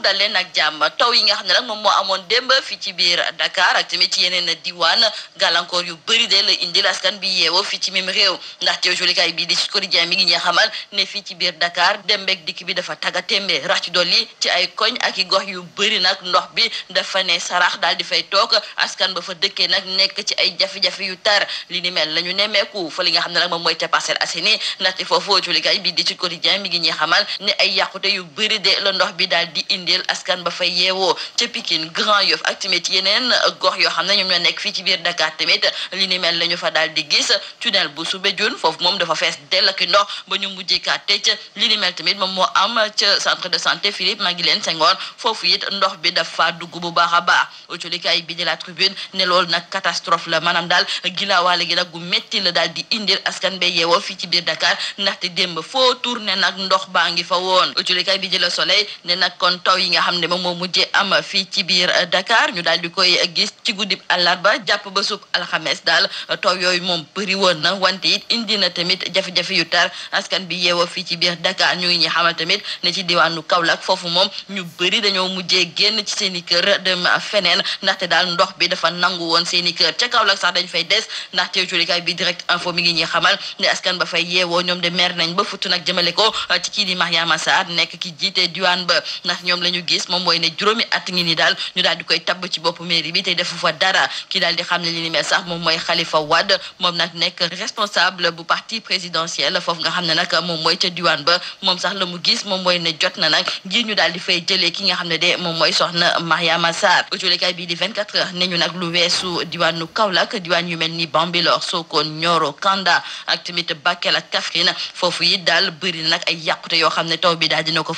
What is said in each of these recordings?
dal leen ak jàmm taw yi nga xam ne nag moom moo amoon démb fi ci biir Dakar ak yu bëri de la indil askan bi yeewoo fi ci mim réew ndaxte jolikaay bii di Sud Quotidien mi ngi ñuy xamal ne fii ci biir Dakar dem beeg dikk bi dafa tagga témbee rax ci dolli ay koñ ak gox yu bëri nag ndox bi dafa ne sarax daal di fay toog askan ba fa dëkkee nag nekk ci ay jafe-jafe yu tar li ni mel la ñu nemmeeku fa li nga xam ne nag moom mooy ca Parcelles Assainies ndaxte foofu jolikaay bii di Sud mi ngi ñuy ne ay yàqute yu bëri de la ndox bi daal di indi firndeel askan ba fay yeewoo ca Pikine Grand Yoff ak tamit yeneen gox yoo xam ne ñoom ñoo nekk fii ci biir Dakar tamit li ni ñu fa daal di gis tunnel bu Soumbédioune foofu moom dafa fees dell ak ndox ba ñu mujjekaat tëj li ni mel tamit moom moo am ca centre de santé Philippe leen Senghor foofu it ndox bi dafa dugg bu baax a baax autolikaay bi di la tribune ne loolu nag catastrophe la maanaam daal ginaawaale lagi nag gu métti la daal di indil askan bay yeewoo fii ci biir Dakar ndaxte démb foo tourné nag ndox baa ngi fa woon bi di la taw yi nga xam ne moom moo mujje am fii ci biir Dakar ñu daal di koy gis ci guddib àllarba jàpp ba sub alxames daal taw yooyu moom bëri woon na wante yi indi na tamit jafe-jafe yu tar askan bi yeewoo fii ci biir Dakar ñu ngi ñi xamal tamit ne ci diwaanu Kaolack foofu moom ñu bëri dañoo mujjee génn ci seen i kër dem feneen ndaxte daal ndox bi dafa nangu woon seen kër ca Kaolack dañ fay des ndaxte julikaay bi direct info mi ngi ñuy xamal ne askan ba fay yeewoo ñoom de mer nañ ba futu nag jëmale ko ci kii di Mariama Sarr nekk ki jiite diwaan ba ndax ñoom la ñu gis moom mooy ne juróomi at ngi ni daal ñu daal di koy tabb ci bopp mairie bi tey defu fa dara ki daal di xam ne li ni mel sax moom mooy Khalifa Wade moom nag nekk responsable bu parti présidentiel foofu nga xam ne nag moom mooy ca diwaan ba moom sax la mu gis moom mooy ne jot na nag ngir ñu daal di fay jëlee ki nga xam ne de moom mooy soxna Mariama Sarr autolekaay bii di 24 heures ne ñu nag lu weesu diwaanu Kaolack diwaan yu mel ni Bambilor Sokone Nioro Kanda ak tamit Bakel ak Kaffrine foofu yi daal bëri na nag ay yàqute yoo xam ne taw bi daal dina ko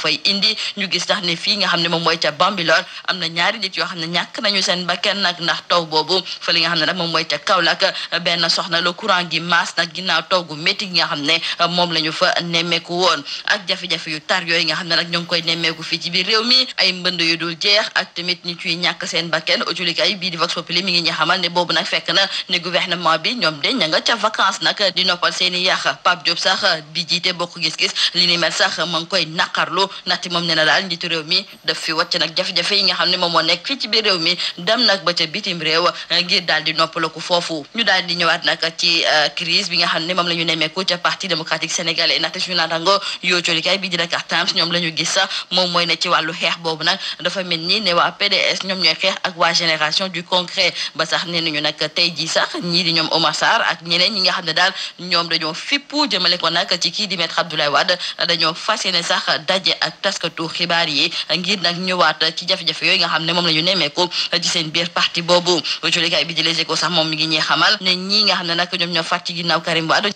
nga xam ne moom mooy ca Bambilor am na ñaari nit yoo xam ne ñàkk nañu seen bakkan nag ndax taw boobu fa nga xam ne nag moom mooy ca Kaolack benn soxna la courant gi maas nag ginnaaw taw gu métti gi nga xam ne moom la ñu fa nemmeeku woon ak jafe yu tar yooyu nga xam ne nag ñoo ngi koy nemmeeku fii ci biir réew mi ay mbënd yu dul jeex ak tamit nit yuy ñàkk seen bakkan aujulikay bii di Vox Populi mi ngi ñu xamal ne boobu nag fekk na ne gouvernement bi ñoom de ña nga ca vacances nag di noppal seen i yàq Pape Diop sax bi jiite bokk gis-gis li ni mel sax ma ngi koy naqarlu ti moom nena daal njiitu réew mi daf fi wàcc nag jafe-jafe yi nga xam ne moom moo nekk fii ci biir réew mi dem nag ba ca bitim réew eh, ngir daal di foofu ñu daal di ñëwaat nag ci eh, crise bi nga xam ne moom la ñu nemmeeku ca parti démocratique sénégalais nag te suñu naataango yoo coolikaay bi di Dakar Times ñoom la ñu gis sax moom mooy ne ci wàllu xeex boobu nag dafa mel ni ne ñoom ñooy xeex ak waa génération du concret ba sax nee nañu nag tey jii sax ñii di ñoom Omar Sarr ak ñeneen ñi nga xam ne daal ñoom dañoo fippu jëmale ko nag ci kii di maître Abdoulaye waa dañoo fas yéene sax daje ak taskatu xibaar yi ngir nag ñëwaat ci jafe-jafe yooyu nga xam ne moom la ñu nemmeeku ci seen biir parti boobu julikaay bi di Les Échos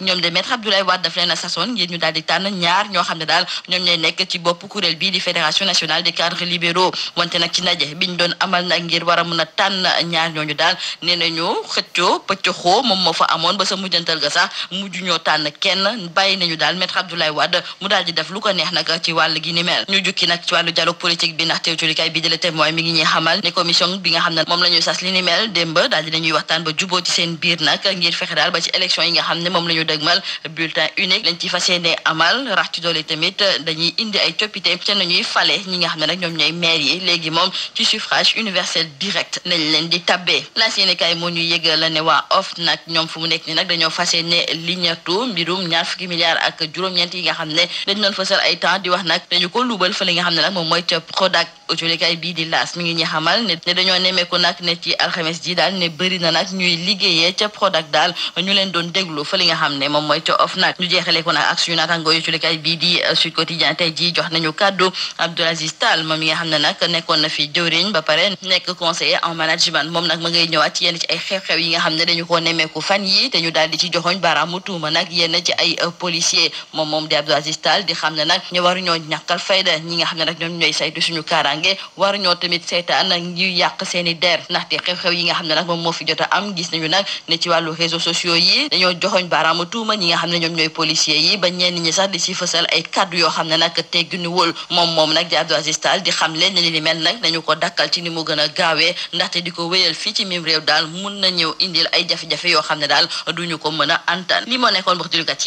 ñoom de maître Abdoulaye Wade daf leen a sasoon ngir ñu daal tànn ñaar a a tànn ñaar ñooñu daal nee nañu xëccoo pëccëxoo moom moo fa amoon ba sa mujjantal ga sax mujj ñoo tànn kenn bàyyi nañu daal maître Abdoulaye Wade mu daal di def lu ko neex nag ci wàll gi ni mel ñu jukki nag ci wàllu dialogue politique bi ndax teew culikaay bi jële témoin mi ngi ñuy xamal ne commission bi nga xam ne moom la ñuy sas li ni mel démb daal dinañuy waxtaan ba ci seen ne amal rax doole tamit dañuy indi ay coppite ca nañuy fale ñi nga xam ne nag ñoom yi léegi moom ci suffrage universel direct lañ leen di tabbee laas moo ñu yëgal waa of nag ñoom fu mu nekk ni nag dañoo fas yéene liñatu mbirum ñaar fukki milliards ak juróom-ñeent nga xam ne dañ doon fësal ay temps di wax nag dañu ko luubal fa nga xam ne nag moom mooy Prodac autolikaay bii di laas mi ngi ñu xamal ne dañoo nemeeku nag ne ci alxames ji daal ne bëri na nag ñuy liggéeyee ca Prodac daal ñu doon déglu fa li nga xam ne moom mooy ca OFNAC ñu jeexalee ko nag ak suñu naataango autolikaay bii di Sud nekkoon na fi jëwriñ ba pare nekk conseiller en management moom nag ma ngay ñëwaat ci yenn ci ay xew-xew yi nga xam ne dañu ko nemeeku fan yi te ñu daal di ci joxoñ baaraamu tuuma nag yenn ci ay policier moom moom di Abdoul Aziz di xam ne nag ñu waruñoo ñàkkal fayda ñi nga xam ne nag ñoom saytu suñu kaaraange war ñoo tamit saytaan ngir yàq seen i der ndaxte xew-xew yi nga xam ne nag moom moo fi jot a am gis nañu nag ne ci wàllu réseaux sociaux yi dañoo joxoñ baaraamu tuuma ñi nga xam ne ñoom ñooy policiers yi ba ñenn fësal ay kàddu yoo xam ne nag tegginu wóol moom moom nag di Abdou di xam leen ne li ni mel nag nañu ko dakkal ci ni mu gën a gaawee ndaxte di ko wéyal fii ci mim réew daal mun na ñëw indil ay jafe-jafe yoo xam ne daal duñu ko mën a antan li moo nekkoon wax